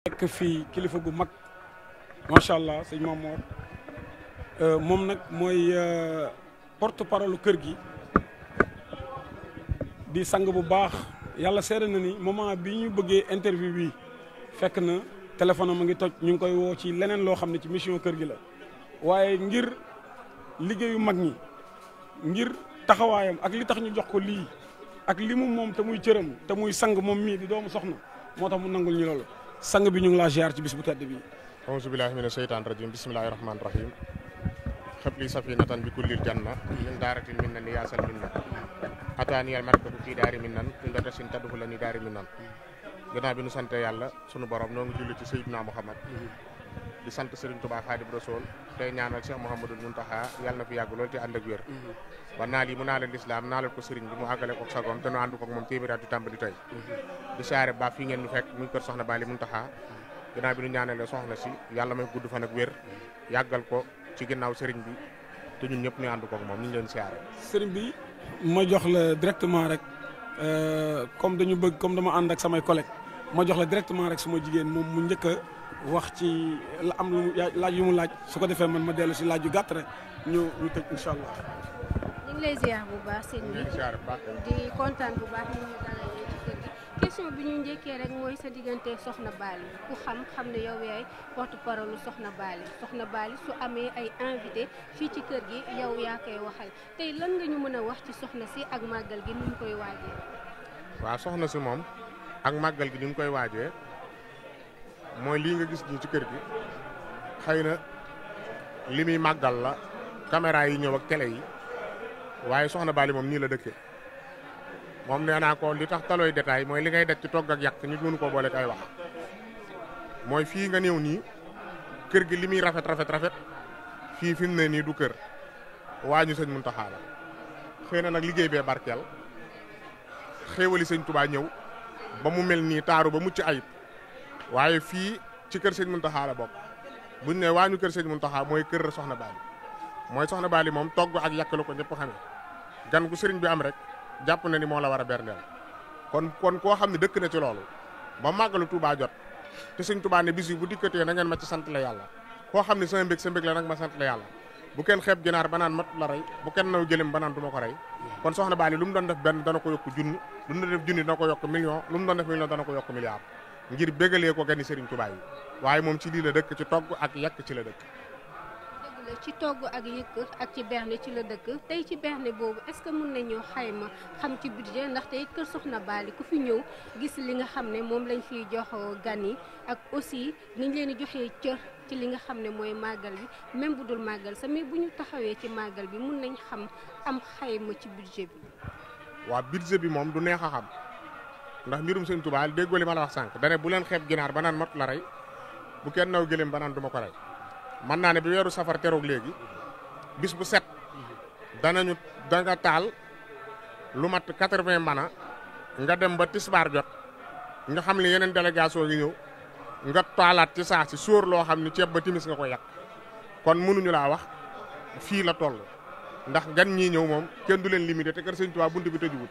nekk fii kilifa gu mag macha allah sëñ Mamoor euh, moom nag mooy euh, porte parole kër gi di sang bu baax yàlla seere na ni moment bi ñu bëggee interview bi fekk na téléphone am a ngi toj ñu ngi koy woo ci leneen loo xam ne ci mission kër gi la waaye ngir liggéeyu mag ñi ngir taxawaayam ak li tax ñu jox ko lii ak li mu moom te muy cëram te muy sang moom mii di doomu soxna moo tax mu nangul ñu loolu sang bi ñu ngi laa ziar ci bis bu tedd bi auzu billahi mina sheytaani rajim bismillahi rahmaani rahim xëpli safinatan bi kullil janna min daaratin min nan yaasan min nan ataaniyal markatu fii daari min nan inda tasin tadduxu la ni daari min nan gannaaw bi nu sante yàlla sunu borom noo ngi julli ci sayyidina muhammad di sant Serigne Touba Xaadim Rasool tey ñaanal Cheikh Mouhamadul Muntaxa yàlla na fi yàgg lool te ànd ak wér mhm. ba naa lii mu naa leen lislaam naalal ko Serigne bi mu àggale ko sagoom te nu ànd ko moom téeméeri at di tàmbali tey mhm. di saare ba fii ngeen mhm. nu ñaanalee ko ci ginnaaw Serigne bi te ñun ñëpp ñu ànd ko ak moom ñu ngi leen siyaare Serigne bi ma jox la directement rek euh, comme bëgg comme dama ànd ak samay collègues ma jox la directement rek suma jigéen moom mu njëkk wax ci la am lu laaj yu mu laaj su ko defee man ma dellu si laaj yu gàtt rek ñu ñu tëj incha allah. ñu ngi lay ziar bu baax sëñ bi di kontaan bu baax ñu ngi bi ñu njëkkee rek mooy sa diggante Soxna Bally ku xam xam ne yow yaay porte parole Soxna Bally Soxna Bally su amee ay invité fii ci kër gi yow yaa koy waxal tey lan nga ñu mën a wax ci soxna si ak màggal gi ni mu koy waajee. waaw soxna si moom ak màggal gi ni mu koy waajee. mooy lii nga gis nii ci kër gi xëy na li muy màggal la caméra yi ñëw ak télé yi waaye soxna Bali moom nii la dëkkee moom nee naa ko li tax talooy détail mooy li ngay daj ci togg ak yàq nit mënu koo boole kay wax mooy fii nga néew nii kër gi li muy rafet rafet rafet fii fi mu ne nii du kër waañu ñu sëñ Muntaxa la xëy na nag liggéey bee barkeel xéewali sëñ Tubaa ñëw ba mu mel nii taaru ba mucc ayib waaye fii ci kër sëñ Muntaxa la bokk buñ ne waañu kër sëñ Muntaxa mooy kër soxna Bali mooy soxna Bali moom togg ak yàkkalu ko ñëpp xamee gan gu sëriñ bi am rek jàpp na ni moo la war a berndeel kon kon koo xam ne dëkk na ci loolu ba màggalu Touba jot te sëñ Touba ne bis bu dikkatee na ngeen ma sant la yàlla koo xam ne sama mbég sa mbég la nag ma sant la yàlla bu kenn xeeb ginaar ba naan mat la rey bu kenn naw jëlim ba naan du ma ko rey kon soxna Bali lu mu doon def benn dana ko ko yokk million ngir bégalee ko gani Serigne Touba yi waaye moom ci lii la dëkk ci togg ak yàkk ci la dëkk. dëgg ci togg ak yëkk ak ci berne ci la dëkk tey ci berne boobu est-ce que mën nañoo xayma xam ci budget ndaxte it kër baal yi ku fi ñëw gis li nga xam ne moom lañ fiy jox gan yi ak aussi niñ leen di joxee cër ci li nga xam ne mooy màggal bi même bu dul màggal sax mais bu ñu taxawee ci màggal bi mun nañ xam am xayma ci budget bi. waa budget bi moom du neex a xam. ndax mbirum sëñ Tuubaa déggoo li ma la wax sànq dane bu leen xeeb ginaar ba naan mat la rey bu kenn naw gëléem ba naan du ma ko rey mën naa ne bi weeru safar teroog léegi bis bu set danañu nga taal lu mat quatre-vingts mana nga dem ba tisbaar jot nga xam li yeneen délégation yi ñëw nga taalaat ci saa si sóor loo xam ne ceeb ba timis nga ko yàq kon mënuñu laa wax fii la toll ndax gan ñii ñëw moom kenn du leen limité te kër Sëñ Tuubaa bunt bi tëjuwul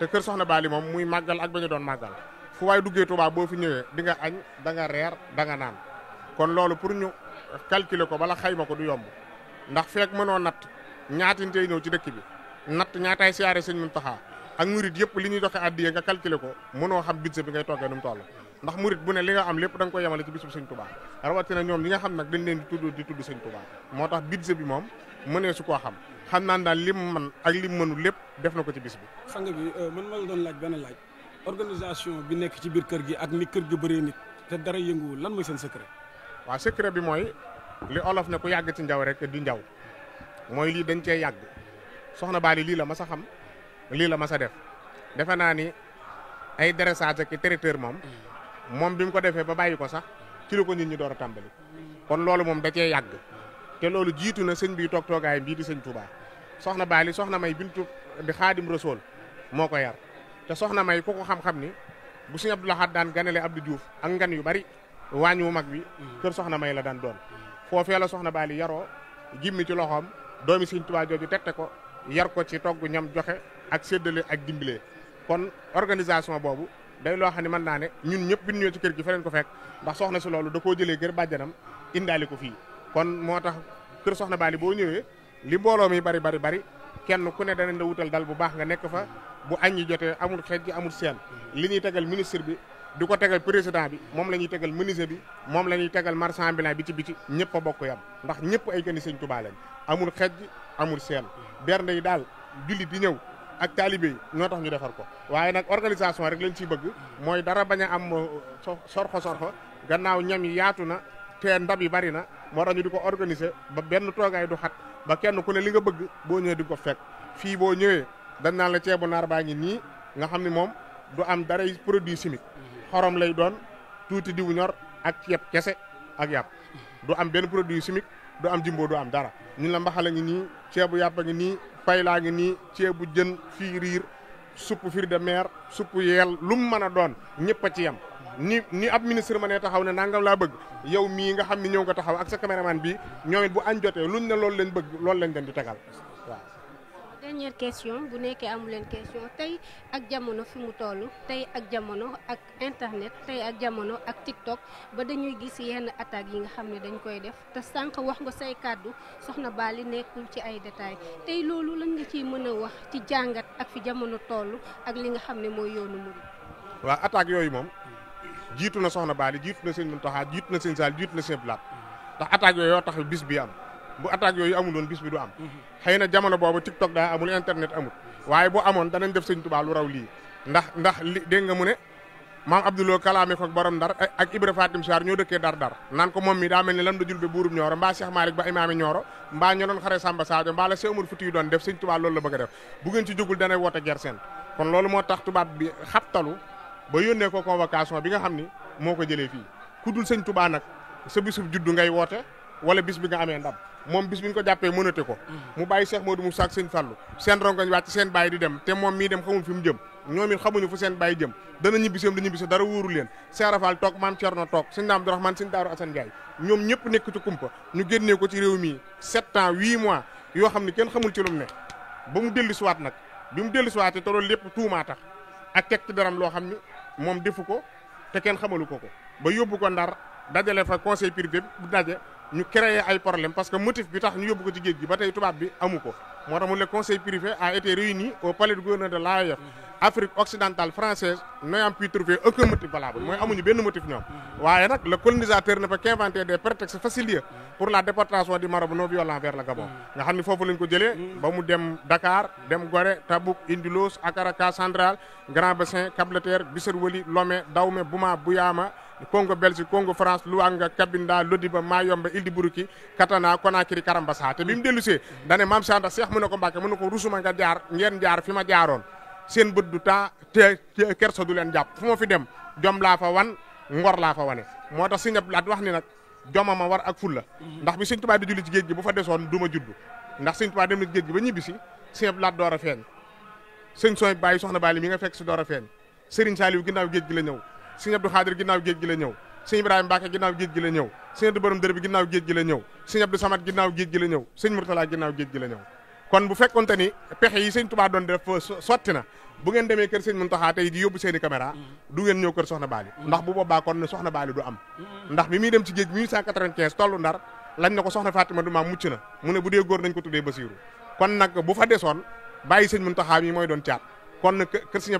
te kër soxna Bali moom muy màggal ak ba doon màggal fu waay duggee Touba boo fi ñëwee di nga añ da nga reer da nga naan kon loolu pour ñu calculer ko bala xayma ko du yomb ndax feek mënoo natt ñaatintey ñëw ci dëkk bi natt ñaataay siyaare sëñ Muntaxa ak murit yëpp li ñuy joxe addiya nga calculer ko mënoo xam budget bi ngay toggee nu mu toll ndax murit bu ne li nga am lépp da nga koy yemale ci bisub sëñ Touba rawatina ñoom ñi nga xam nag dañ leen di tudd di tudd sëñ Touba moo tax budget bi moom mën su ko xam xam naan daal lim man ak lim mënul lépp def na ko ci bis bi. sang bi euh, man ma la doon laaj benn laaj organisation bi nekk ci biir kër gi ak ni kër gi bëree nit te dara yënguwul lan mooy sa secret. waa secret bi mooy li olof ne ku yàgg ci njaw rek di njaw mooy lii dañ cee yàgg soxna yi lii la mas a xam lii la mas a def defe naa ni ay dressage ak traiteur moom moom bi mu ko defee ba bàyyi ko sax ci la ko nit ñi door a tàmbali kon loolu moom da cee yàgg. te loolu jiitu na sëñ bi toog toogaayam bii di sëñ Touba soxna Baali na May bintu di xaadim sool moo ko yar te soxna May ku ko xam-xam ni bu sëñ Abdou Lahad daan ganale Abdou Diouf ak ngan yu bari waañ wu mag bi kër soxna May la daan doon foofee la soxna Baali yaroo jimmi ci loxoom doomi sëñ Touba jooju tette ko yar ko ci togg ñam joxe ak séddale ak dimbilee kon organisation boobu day loo xam ne mën naa ne ñun ñëpp bi ñu ñëw ci kër gi fa leen ko fekk ndax loolu da koo jëlee kër bàjjanam indaale ko fii kon moo tax kër na Bali boo ñëwee li mbooloo mi bari bari bari kenn ku ne danañ da wutal dal bu baax nga nekk fa bu añ yi jotee amul xeej gi amul seen li ñuy tegal ministre bi di ko tegal président bi moom la ñuy tegal menuisier bi moom la ñuy tegal marchand ambulant bi ci biti ñëpp a bokk yam ndax ñëpp ay gani sëñ Tuubaa lañ amul xeej amul seen bernde yi daal jullit di ñëw ak taalibe yi ñoo tax ñu defar ko waaye nag organisation rek lañ ciy bëgg mooy dara bañ a am uh, sorxo sorxo gannaaw ñam yi yaatu na teen ndab yi bari na moo tax ñu di ko organiser ba benn toogaay du xat ba kenn ku ne li nga bëgg boo ñëwee di ko fek fii boo ñëwee dañ naan la ceebu naar baa ngi nii nga xam ne moom du am dara produit chimique xorom lay doon tuuti diwu ñor ak ceeb kese ak yàpp du am benn produit chimique du am jimbo du am dara ñun la mbaxala ngi nii ceebu yàpp a ngi nii paylaa ngi nii ceebu jën fii riir supp fruits de mer supp yeel lu mu mën a doon ñëpp a ci yam ni ni ab ministre ma ne taxaw ne nangam laa bëgg yow mii nga xam ne ñëw nga taxaw ak sa caméraman bi ñoom bu añ jotee luñ ne loolu lañ bëgg loolu lañ leen di tegal waaw. dernière question bu nekkee amul leen question tey ak jamono fi mu toll tey ak jamono ak internet tey ak jamono ak TikTok ba dañuy gis yenn attaques yi nga xam ne dañ koy def te sànq wax nga say kàddu soxna Bali nekkul ci ay détails tey loolu lañ nga ciy mën a wax ci jàngat ak fi jamono toll ak li nga xam ne mooy yoonu waaw attaques yooyu moom. jiitu na soxna Baali jiitu na sëñ Muntaxa jiitu na Saal jiitu na sëñ Blaat ndax attaques yooyu yoo tax bis bi am bu attaques yooyu amul woon bis bi du am mhm. xëy na jamono boobu TikTok daa amul internet amul waaye bu amoon danañ def sëñ Tuubaa lu raw lii ndax ndax li dégg nga mu ne maam Abdouloo kalaame ko ak borom ndar ak Ibra Fatim Sarr ñoo dëkkee dar dar naan ko moom mi daa mel ne lam da julbe buurub ñooro mbaa Cheikh Malick ba imaami ñooro mbaa ño xare Samba la Cheikh Oumar Fouti doon def sëñ Tuubaa loolu la bëgg a def moo tax tubaab bi xabtalu boo yónnee ko convocation bi nga xam ni moo ko jëlee fii ku dul sëñ tubaa nag sa bisub juddu ngay woote wala bis bi nga amee ndam moom bis bi ñu ko jàppee mënate ko mu bàyyi Cheikh Modou Moussa ak sëñ Fallou seen rongoñ wàcc seen bàyyi di dem te moom mii dem xamul fi mu jëm ñoom it xamuñu fu seen bàyyi jëm dana ñibbiseem da ñibbise dara wóoru leen seerafal toog maam Cerno toog sëñ Daam Abdourahmane sëñ Daaru Asan Njaay ñoom ñëpp nekk ci kumpa ñu génnee ko ci réew mii sept ans huit mois yoo xam ne kenn xamul ci lu ba mu dellu siwaat nag bi mu dellu siwaatee te loolu lépp tuumaa tax ak teg ci daram loo xam ne moom defu ko te kenn xamalu ko ko ba yóbbu ko ndar dajale fa conseil privé bu daje ñu créer ay problème parce que motif bi tax ñu yóbbu ko ci géej gi ba tey tubaab bi amu ko moo tax mu le conseil privé a été réuni au palais du gouverneur de l'AOF Afrique occidentale française n'ayant pu trouver aucun motif valable mooy amuñu benn motif ñoom waaye nag le colonisateur ne peut qu'inventer des prétextes faciles pour la déportation du Maroc non violent vers le Gabon nga xam ne foofu lañ ko jëlee ba mu dem Dakar dem Gorée Tabouk Indilos Akaraka Central Grand Bassin cap Congo Belgique Congo France Luanga Kabinda Lodiba Mayombe Ildi Buruki Katana Conakry Karambasa te bi mu dellusee dane maam Cheikh Anta Cheikh mu ne ko Mbàkke mu ne ko rusuma nga jaar ngeen jaar fi ma jaaroon seen bët du taa te kersa du leen jàpp fu ma fi dem jom laa fa wan ngor laa fa wane moo tax Sëñ Abdu Lahat wax ni nag jomama war ak fulla ndax bi Sëñ Tuubaa di julli ci géej gi bu fa desoon du ma juddu ndax Sëñ Tuubaa dem na ci géej gi ba ñibbisi Sëñ Abdu Lahat door a feeñ sëñ sooy bàyyi soxna Bali mi nga fekk si door a feeñ Sëriñ Saaliw ginnaaw géej gi la ñëw sëñ Abdou Xaadir ginnaaw géej gi la ñëw sëñ Ibrahima Mbacke ginnaaw géej gi la ñëw sëñ Abdou Borom Dër bi ginnaaw géej gi la ñëw sëñ Abdou Samad ginnaaw géej gi la ñëw sëñ Murtala ginnaaw géej gi la ñëw kon bu fekkonte ni pexe yi sëñ Tuubaa doon euh, sotti na bu ngeen demee kër sëñ Muntaxa tey di yóbbu seen i caméra mm-hmm. du ngeen ñëw kër soxna Baali mm-hmm. ndax bu boobaa kon ne soxna Baali du am mm-hmm. ndax bi muy dem ci géej 1895 tollu Ndar lañ na ko soxna Fatima du ko tuddee Basiiru kon nag bu fa desoon bàyyi doon caat kon kër sëñ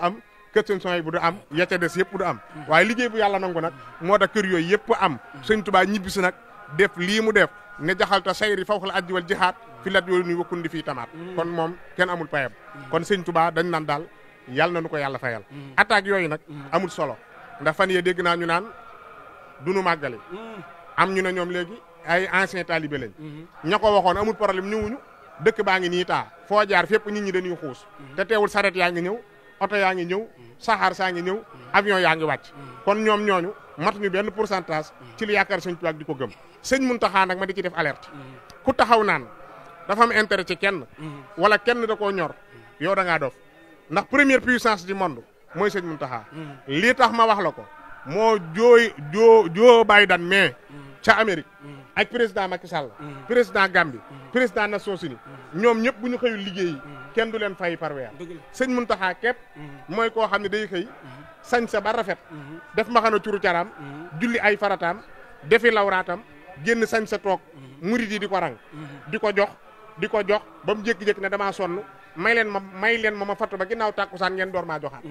am kër sëñ Sohaybu bu du am ya ca des yëpp du am waaye liggéey bu yàlla nangu nag moo tax kër yooyu yëpp am sëñ Tuubaa ñibbi si nag def lii mu def ne jaxalta sayri faw la ajji wal jihaat fi lat yooyu nuy wakkun di fii tamaat mm. kon moom ken amul payam kon sëñ Tuubaa dañ naan daal yàlla na nu ko yàlla fayal mm. attaque yooyu nag mm. amul solo ndax fan yee dégg naa ñu naan duñu màggali am ñu ne ñoom léegi ay ancien taalibe lañ mm-hmm. ña ko waxoon amul problème ñëwuñu dëkk baa ngi nii taa foo jaar fépp nit ñi dañuy xuus mm-hmm. te teewul yaa ngi ñëw oto yaa ngi ñëw saxaar saa ngi ñëw avion yaa ngi wàcc kon ñoom ñooñu matuñu benn pourcentage ci li yaakaar sëñ Tuubaa di ko gëm sëñ taxaa nag ma di ci def alerte ku taxaw naan dafa am intérêt ci kenn wala kenn da koo ñor yow da ngaa dof ndax première puissance du monde mooy sëñ Muntaxa lii tax ma wax la ko moo jooy joo joo Biden mais ca Amérique ak président Macky Sall président Gambie président Nations Unies ñoom ñëpp bu ñu xëyul liggéey kenn du leen fay par weer sëñ taxaa képp mm-hmm. mooy koo xam ne day xëy mm-hmm. sañ sa ba rafet mm-hmm. def mbaxana curu caraam julli ay farataam defi lawraatam génn sañ sa toog murid yi di ko rang di ko jox di ko jox ba mu jékki-jékki ne damaa sonn may leen ma may leen ma ma fattu ba ginnaaw tàkkusaan ngeen door maa joxaat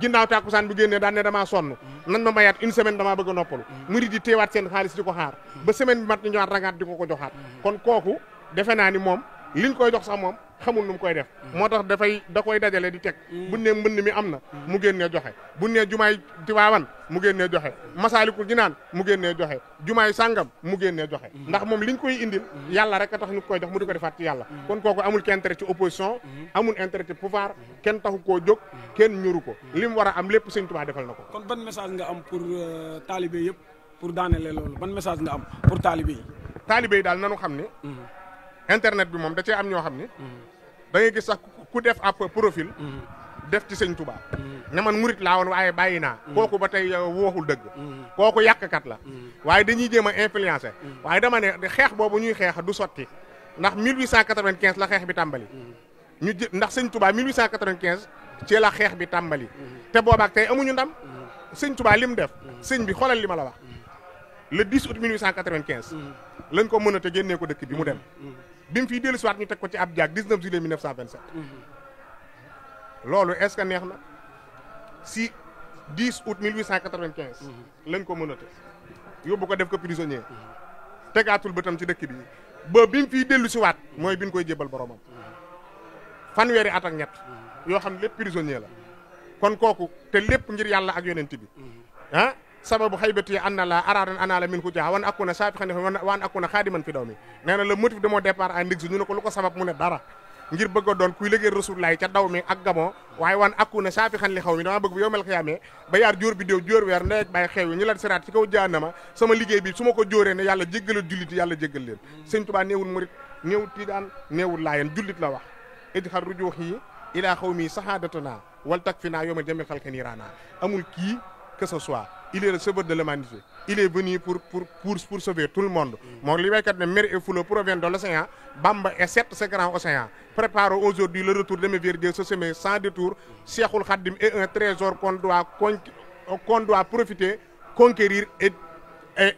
ginnaaw tàkkusaan bu génnee daan ne damaa sonn nan ma mayaat une semaine damaa bëgg a noppalu murid teewaat seen xaalis di ko xaar ba semaine bi mat ñu ñëwaat ko ko joxaat kon kooku defe naa ni moom liñ koy jox sax moom xamul nu mu koy def moo tax dafay da koy dajale di teg bu ne mbënd mi am na mu génnee joxe bu ne jumaay tiwaawan mu génnee joxe masaalikul jinaan mu génnee joxe jumaay sàngam mu génnee joxe ndax moom liñ koy indil yàlla rek a tax ñu koy jox mu di ko defaat ci yàlla kon kooku amul kenn intérêt ci opposition amul intérêt ci pouvoir kenn taxu koo jóg kenn ñuru ko li mu war a am lépp sëñ Tuubaa defal na ko kon ban message nga am pour euh, taalibe yëpp pour daanelee loolu ban message nga am pour taalibe yi taalibe yi daal nanu xam ne mm-hmm. internet bi moom da cee am ñoo xam ne mm-hmm. da ngay gis sax ku def ab profil. Mm-hmm. def ci señ tubaa mm-hmm. ne man murit laa woon waaye bàyyi naa. Mm-hmm. kooku ba tey uh, wooxul dëgg. kooku yàqkat la. waaye dañuy jéem a influencer. waaye dama ne xeex boobu ñuy xeex du sotti ndax 1895 la xeex bi tàmbali. ñu jë ndax sëñ Touba 1895 ci la xeex bi tàmbali. te boobaak tey amuñu ndam. sëñ Touba lim def. sëñ bi xoolal li ma la wax. le 10 août 1895. lañ ko mën a te génnee ko dëkk bi mu dem. bi mu fiy dellu si waat ñu teg ko ci ab jaag 19 juillet 1927. Mhm. loolu est-ce que neex na si 10 août 1895. Mhm. lañ ko mënate yóbbu ko def ko prisonnier. Mhm. tegaatul bëtam ci dëkk bi ba bi mu fiy dellu si waat mooy bi ñu koy jébbal boromam. fan at ak ñett yoo xam ne lépp prisonnier la kon kooku te lépp ngir yàlla ak yonent bi ah? sababu xaybati anna la aradan anala min ku jaa wan akuna saabixan wan akuna xaadiman fi daw mi nee na le motif de mon départ à ndigsu ñu ne ko lu ko sabab mu ne dara ngir bëgg a doon kuy liggéey rasulullaay ca daw mi ak gamoo waaye wan akuna saabixan li xaw mi dama bëgg bu yowmal xiyaamee ba yaar jóor bi déew jóor weer ndey ak bàyyi xew yi ñu lat siraat ci kaw jaanama sama liggéey bi su ma ko jóoree ne yàlla jéggalal jullit yàlla jéggal leen naa yomal jamil kii que ce il est le sauveur de l'humanité il est venu pour pour pour pour sauver tout le monde. moom li waykat ne e et foule proviennent de l'océan Bamba est certes ce grand océan. prépare aujourd'hui le retour de mes vers Dieu se semer sans détour Cheikhul Khadim est un trésor qu'on doit con conquérir et et,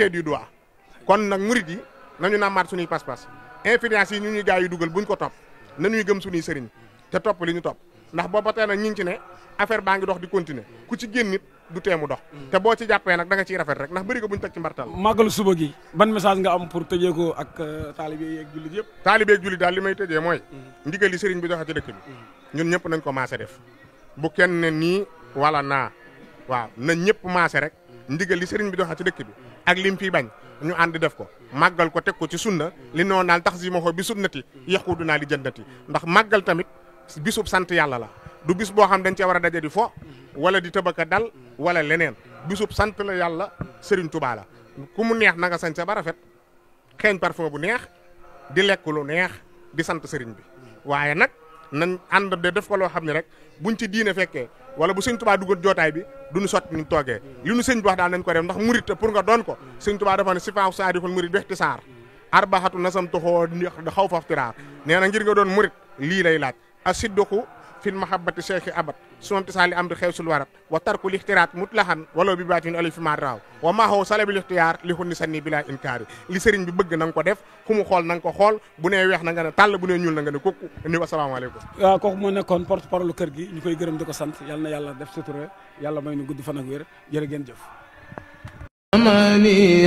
et du doigt. kon nag murit yi nañu nàmmaat suñuy pas-pas influence yi ñu ñuy gars yi dugal buñ ko topp nañuy gëm suñuy sëriñ te topp li ñu top ndax booba tey nag ñu ngi ci ne affaire baa ngi dox di continuer ku ci génn nit du teemu dox te boo ci jàppee nag da nga ciy rafet rek ndax bëri ko bu teg ci mbartal màggalu suba gi ban message nga am pour tëjee ko ak euh, taalibe yeeg jullit yëpp taalibe yeeg jullit daal li may tëjee mooy ndigal yi sëriñ bi joxe ci dëkk bi ñun ñëpp nañ ko maase def bu kenn ne nii wala naa waaw na ñëpp maase rek ndigal li sëriñ bi dox a ci dëkk bi ak lim fiy bañ ñu ànd def ko màggal ko teg ko ci sunna li noonu naan tax si ma bi sunnati yàqu du naa li jannati ndax màggal tamit bisub sant yàlla la du bis boo xam dañ cee war a daje di fo wala di tëbaka dal wala leneen bisub sant la yàlla Serigne tubaa la ku mu neex na sañ sañse ba rafet xeeñ parfum bu neex di lekk lu neex di sant Serigne bi waaye nag nañ ànd de def ko loo xam ne rek buñ ci diine fekkee wala bu sëñ Touba duggoon jootaay bi duñu sotti ni toogee li ñu sëñ bi wax daa nañ ko def ndax murit pour nga doon ko sëñ Touba dafa ne si faaw saadixul murit bexti saar arbaxatu nasam toxoo xaw faf nee na ngir doon murit lii lay laaj asidduqu fi mahabbati cheikhi abad sunanti saali amri xew sul warat wa tarku lixtiraat mutlaxan walaw bi baatin alay fi maa wa maaxoo salabi lixtiyaar li xunni sanni bilaa inkaari li sëriñ bi bëgg na ko def ku xool na ko xool bu nee weex na nga ne tàll bu nee ñuul na nga ne kukku ni asalaamaaleykum waaw kooku moo nekkoon porte parole kër gi ñu koy gërëm di ko sant yàlla na yàlla def sutura yàlla may nu gudd fan ak wér jërë ngeen jëf amaani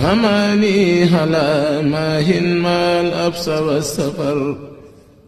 هماني هلا ما هن ما الأبس والسفر